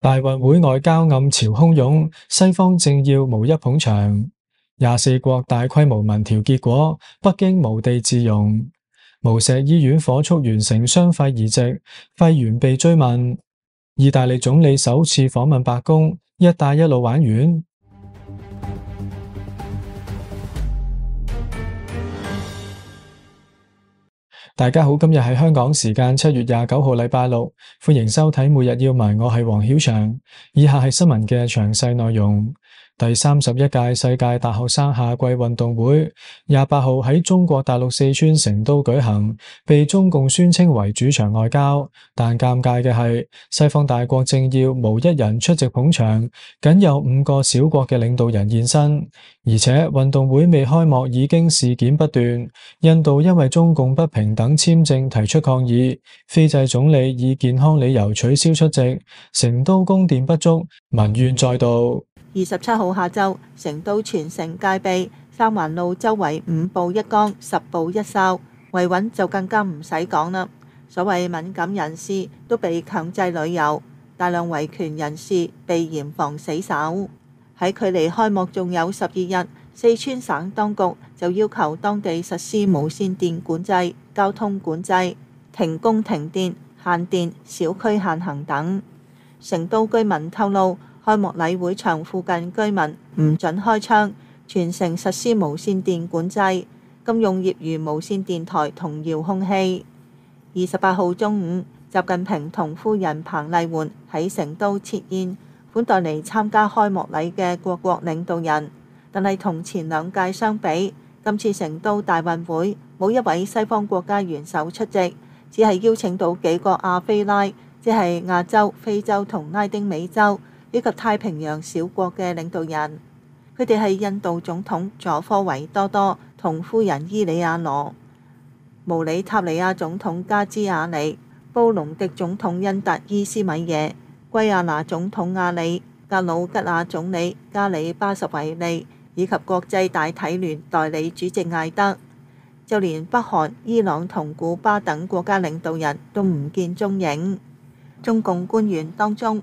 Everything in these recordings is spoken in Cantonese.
大運會外交暗潮洶湧，西方政要無一捧場。廿四國大規模民調結果，北京無地自容。無錫醫院火速完成雙肺移植，肺源被追問。意大利總理首次訪問白宮，一帶一路玩完。大家好，今日係香港時間七月廿九號，禮拜六，歡迎收睇每日要聞。我係黃曉翔，以下係新聞嘅詳細內容。第三十一屆世界大學生夏季運動會廿八號喺中國大陸四川成都舉行，被中共宣稱為主場外交。但尷尬嘅係，西方大國政要無一人出席捧場，僅有五個小國嘅領導人現身。而且運動會未開幕已經事件不斷，印度因為中共不平等簽證提出抗議，非制總理以健康理由取消出席。成都供電不足，民怨載道。二十七號下晝，成都全城戒備，三環路周圍五步一崗、十步一哨，維穩就更加唔使講啦。所謂敏感人士都被強制旅遊，大量維權人士被嚴防死守。喺距離開幕仲有十二日，四川省當局就要求當地實施無線電管制、交通管制、停工停電、限電、小區限行等。成都居民透露。開幕禮會場附近居民唔准開窗，全城實施無線電管制，禁用業餘無線電台同遙控器。二十八號中午，習近平同夫人彭麗媛喺成都設宴，款待嚟參加開幕禮嘅各國領導人。但係同前兩屆相比，今次成都大運會冇一位西方國家元首出席，只係邀請到幾個亞非拉，即係亞洲、非洲同拉丁美洲。以及太平洋小國嘅領導人，佢哋係印度總統佐科維多多同夫人伊莉亞羅、毛里塔尼亞總統加茲亞里、布隆迪總統恩達伊斯米耶、圭亞那總統阿里、格魯吉亞總理加里巴什維利以及國際大體聯代理主席艾德，就連北韓、伊朗同古巴等國家領導人都唔見蹤影。中共官員當中，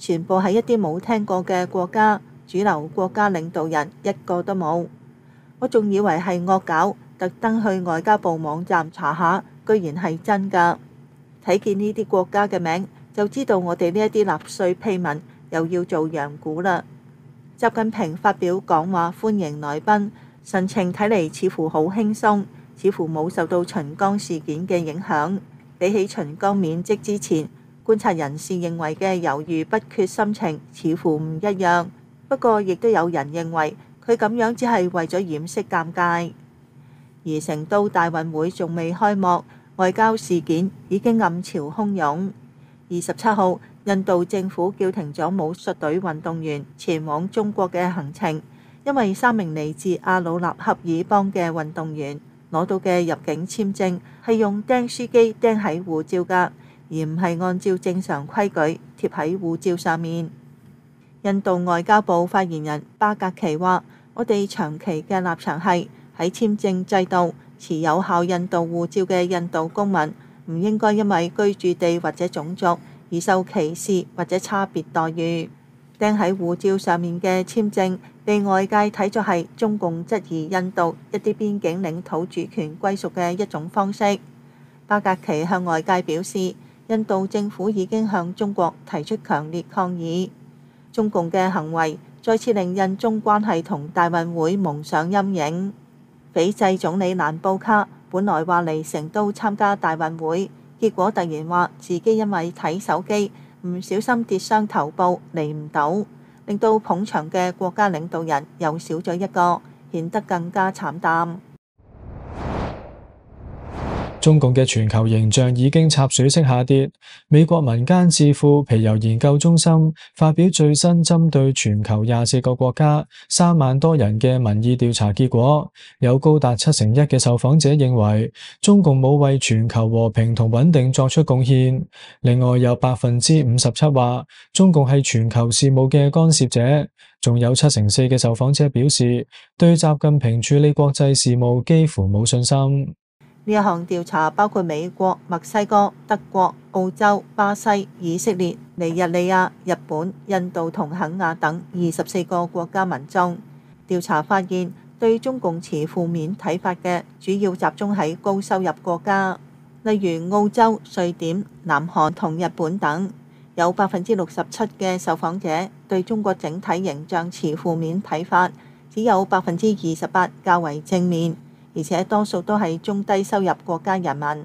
全部係一啲冇聽過嘅國家，主流國家領導人一個都冇。我仲以為係惡搞，特登去外交部網站查下，居然係真㗎。睇見呢啲國家嘅名，就知道我哋呢一啲納稅屁民又要做羊牯啦。習近平發表講話歡迎來賓，神情睇嚟似乎好輕鬆，似乎冇受到秦剛事件嘅影響。比起秦剛免職之前。觀察人士認為嘅猶豫不決心情似乎唔一樣，不過亦都有人認為佢咁樣只係為咗掩飾尷尬。而成都大運會仲未開幕，外交事件已經暗潮洶湧。二十七號，印度政府叫停咗武術隊運動員前往中國嘅行程，因為三名嚟自阿魯納恰爾邦嘅運動員攞到嘅入境簽證係用釘書機釘喺護照㗎。而唔係按照正常規矩貼喺護照上面。印度外交部發言人巴格奇話，我哋長期嘅立場係喺簽證制度，持有效印度護照嘅印度公民唔應該因為居住地或者種族而受歧視或者差別待遇。釘喺護照上面嘅簽證被外界睇作係中共質疑印度一啲邊境領土主權歸屬嘅一種方式。巴格奇向外界表示。印度政府已經向中國提出強烈抗議，中共嘅行為再次令印中關係同大運會蒙上陰影。斐濟總理蘭布卡本來話嚟成都參加大運會，結果突然話自己因為睇手機唔小心跌傷頭部嚟唔到，令到捧場嘅國家領導人又少咗一個，顯得更加慘淡。中共嘅全球形象已經插水式下跌。美國民間智庫皮尤研究中心發表最新針對全球廿四個國家三萬多人嘅民意調查結果，有高達七成一嘅受訪者認為中共冇為全球和平同穩定作出貢獻。另外有百分之五十七話中共係全球事務嘅干涉者，仲有七成四嘅受訪者表示對習近平處理國際事務幾乎冇信心。呢一項調查包括美國、墨西哥、德國、澳洲、巴西、以色列、尼日利亞、日本、印度同肯亞等二十四個國家民眾。調查發現，對中共持負面睇法嘅主要集中喺高收入國家，例如澳洲、瑞典、南韓同日本等有。有百分之六十七嘅受訪者對中國整體形象持負面睇法，只有百分之二十八較為正面。而且多數都係中低收入國家人民。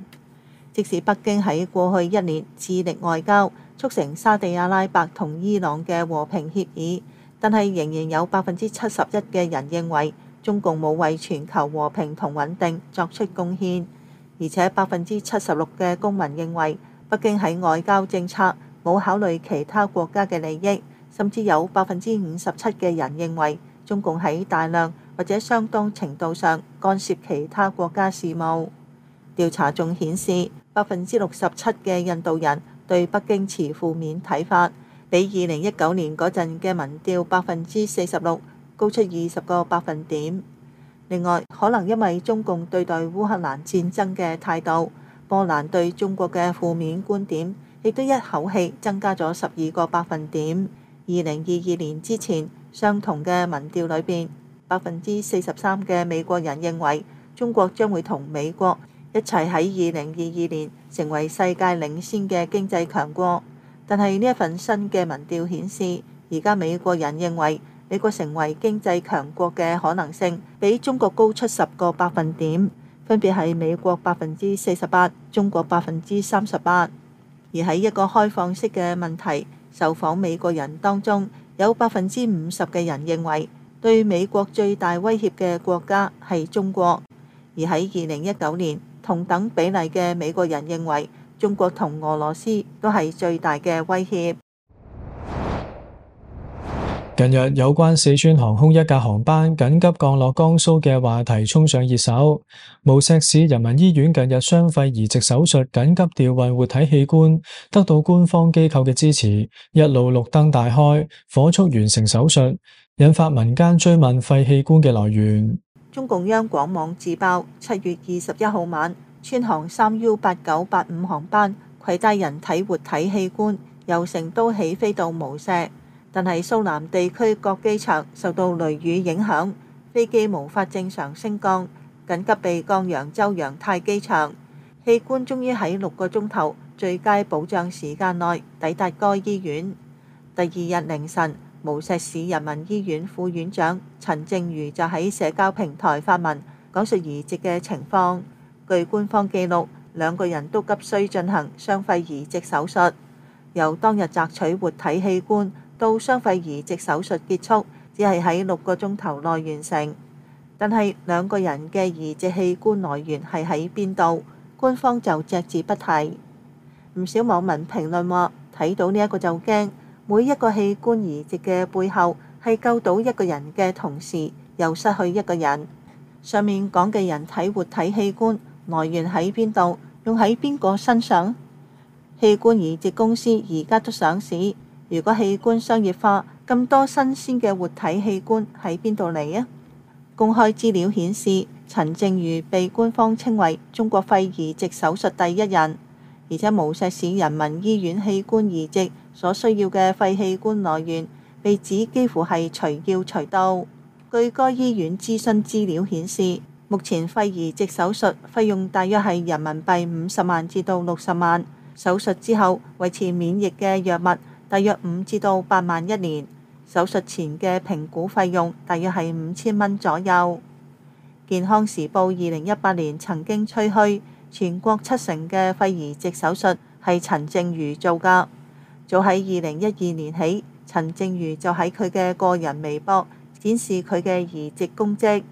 即使北京喺過去一年致力外交，促成沙地阿拉伯同伊朗嘅和平協議，但係仍然有百分之七十一嘅人認為中共冇為全球和平同穩定作出貢獻。而且百分之七十六嘅公民認為北京喺外交政策冇考慮其他國家嘅利益，甚至有百分之五十七嘅人認為中共喺大量，或者相當程度上干涉其他國家事務。調查仲顯示，百分之六十七嘅印度人對北京持負面睇法，比二零一九年嗰陣嘅民調百分之四十六高出二十個百分點。另外，可能因為中共對待烏克蘭戰爭嘅態度，波蘭對中國嘅負面觀點亦都一口氣增加咗十二個百分點。二零二二年之前相同嘅民調裏邊。百分之四十三嘅美國人認為中國將會同美國一齊喺二零二二年成為世界領先嘅經濟強國。但係呢一份新嘅民調顯示，而家美國人認為美國成為經濟強國嘅可能性比中國高出十個百分點，分別係美國百分之四十八，中國百分之三十八。而喺一個開放式嘅問題，受訪美國人當中有百分之五十嘅人認為。對美國最大威脅嘅國家係中國，而喺二零一九年，同等比例嘅美國人認為中國同俄羅斯都係最大嘅威脅。近日有關四川航空一架航班緊急降落江蘇嘅話題衝上熱搜。無錫市人民醫院近日雙肺移植手術緊急調運活體器官，得到官方機構嘅支持，一路綠燈大開，火速完成手術。引發民間追問肺器官嘅來源。中共央廣網自爆，七月二十一號晚，川航三 U 八九八五航班攜帶人體活體器官由成都起飛到無錫，但係蘇南地區各機場受到雷雨影響，飛機無法正常升降，緊急備降揚州揚泰機場。器官終於喺六個鐘頭最佳保障時間內抵達該醫院。第二日凌晨。無錫市人民醫院副院長陳靜瑜就喺社交平台發文，講述移植嘅情況。據官方記錄，兩個人都急需進行雙肺移植手術。由當日摘取活體器官到雙肺移植手術結束，只係喺六個鐘頭內完成。但係兩個人嘅移植器官來源係喺邊度？官方就隻字不提。唔少網民評論話：睇到呢一個就驚。每一個器官移植嘅背後係救到一個人嘅同時，又失去一個人。上面講嘅人體活體器官來源喺邊度？用喺邊個身上？器官移植公司而家都上市。如果器官商業化，咁多新鮮嘅活體器官喺邊度嚟啊？公開資料顯示，陳靜瑜被官方稱為中國肺移植手術第一人，而且無錫市人民醫院器官移植所需要嘅肺器官來源被指幾乎係隨要隨到。據該醫院諮詢資料顯示，目前肺移植手術費用大約係人民幣五十萬至到六十萬。手術之後維持免疫嘅藥物大約五至到八萬一年。手術前嘅評估費用大約係五千蚊左右。健康時報二零一八年曾經吹噓全國七成嘅肺移植手術係陳靜瑜做噶。早喺二零一二年起，陳靜瑜就喺佢嘅個人微博展示佢嘅移植功績。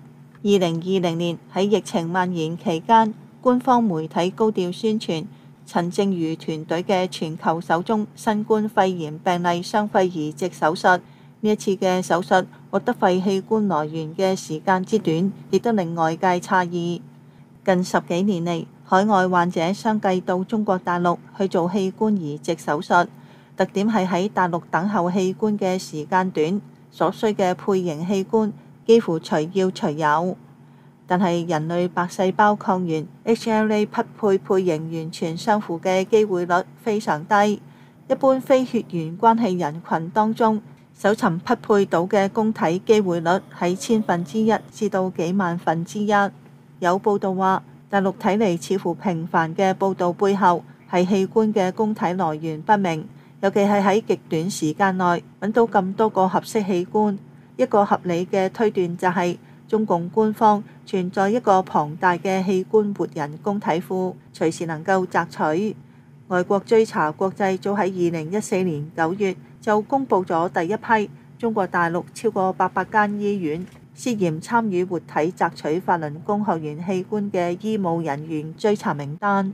二零二零年喺疫情蔓延期間，官方媒體高調宣傳陳靜瑜團隊嘅全球首宗新冠肺炎病例雙肺移植手術。呢一次嘅手術獲得肺器官來源嘅時間之短，亦都令外界詫異。近十幾年嚟，海外患者相繼到中國大陸去做器官移植手術。特點係喺大陸等候器官嘅時間短，所需嘅配型器官幾乎隨叫隨有。但係人類白細胞抗原 （HLA） 匹配配型完全相符嘅機會率非常低。一般非血緣關係人群當中，搜尋匹配到嘅供體機會率喺千分之一至到幾萬分之一。有報導話，大陸睇嚟似乎平凡嘅報導背後係器官嘅供體來源不明。尤其係喺極短時間內揾到咁多個合適器官，一個合理嘅推斷就係、是、中共官方存在一個龐大嘅器官活人工體庫，隨時能夠摘取。外國追查國際早喺二零一四年九月就公佈咗第一批中國大陸超過八百間醫院涉嫌參與活體摘取法輪功學員器官嘅醫務人員追查名單，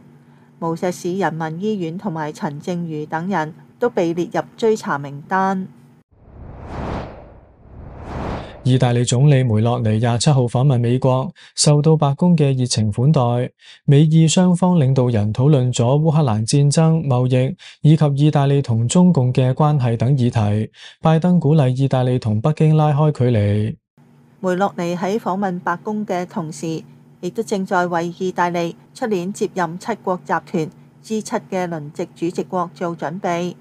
無錫市人民醫院同埋陳靜瑜等人。都被列入追查名單。意大利總理梅洛尼廿七號訪問美國，受到白宮嘅熱情款待。美意雙方領導人討論咗烏克蘭戰爭、貿易以及意大利同中共嘅關係等議題，拜登鼓勵意大利同北京拉開距離。梅洛尼喺訪問白宮嘅同時，亦都正在為意大利出年接任七國集團 G 七嘅輪值主席國做準備。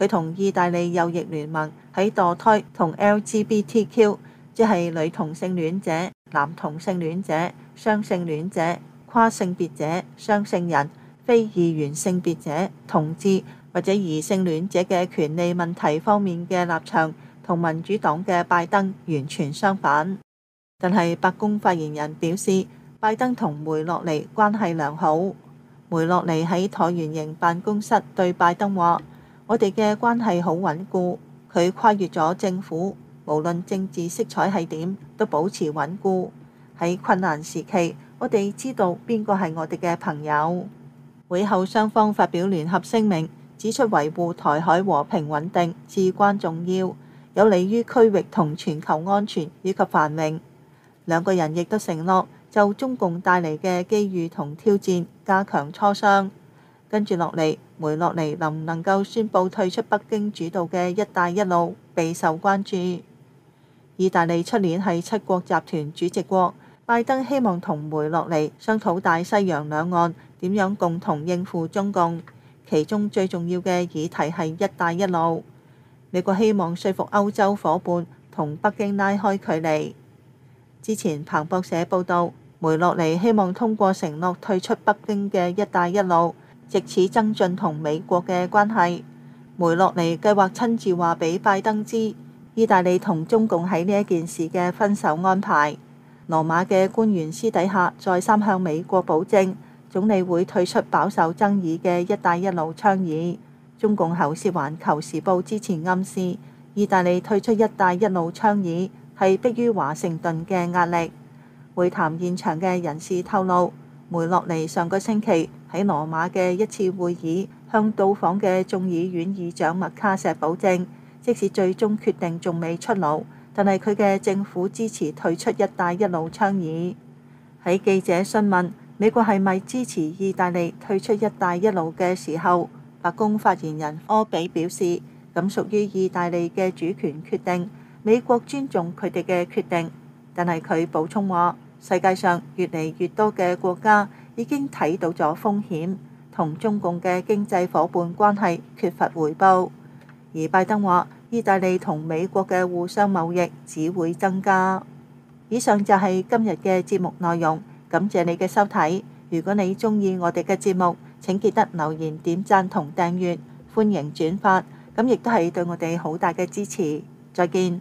佢同意大利右翼聯盟喺墮胎同 LGBTQ，即係女同性戀者、男同性戀者、雙性戀者、跨性別者、雙性人、非二元性別者、同志或者異性戀者嘅權利問題方面嘅立場，同民主黨嘅拜登完全相反。但係白宮發言人表示，拜登同梅洛尼關係良好。梅洛尼喺橢圓形辦公室對拜登話。我哋嘅關係好穩固，佢跨越咗政府，無論政治色彩係點，都保持穩固。喺困難時期，我哋知道邊個係我哋嘅朋友。會後雙方發表聯合聲明，指出維護台海和平穩定至關重要，有利於區域同全球安全以及繁榮。兩個人亦都承諾就中共帶嚟嘅機遇同挑戰加強磋商。跟住落嚟。梅洛尼能唔能夠宣布退出北京主導嘅「一帶一路」，備受關注。意大利出年係七國集團主席國，拜登希望同梅洛尼商討大西洋兩岸點樣共同應付中共，其中最重要嘅議題係「一帶一路」。美國希望說服歐洲伙伴同北京拉開距離。之前彭博社報道，梅洛尼希望通過承諾退出北京嘅「一帶一路」。藉此增進同美國嘅關係，梅洛尼計劃親自話俾拜登知，意大利同中共喺呢一件事嘅分手安排。羅馬嘅官員私底下再三向美國保證，總理會退出飽受爭議嘅「一帶一路」倡議。中共喉舌環球時報之前暗示，意大利退出「一帶一路」倡議係迫於華盛頓嘅壓力。會談現場嘅人士透露。梅洛尼上個星期喺羅馬嘅一次會議，向到訪嘅眾議院議長麥卡錫保證，即使最終決定仲未出爐，但係佢嘅政府支持退出一帶一路倡議。喺記者詢問美國係咪支持意大利退出一帶一路嘅時候，白宮發言人柯比表示：咁屬於意大利嘅主權決定，美國尊重佢哋嘅決定。但係佢補充話：世界上越嚟越多嘅國家已經睇到咗風險，同中共嘅經濟夥伴關係缺乏回報。而拜登話：意大利同美國嘅互相貿易只會增加。以上就係今日嘅節目內容，感謝你嘅收睇。如果你鍾意我哋嘅節目，請記得留言、點讚同訂閱，歡迎轉發，咁亦都係對我哋好大嘅支持。再見。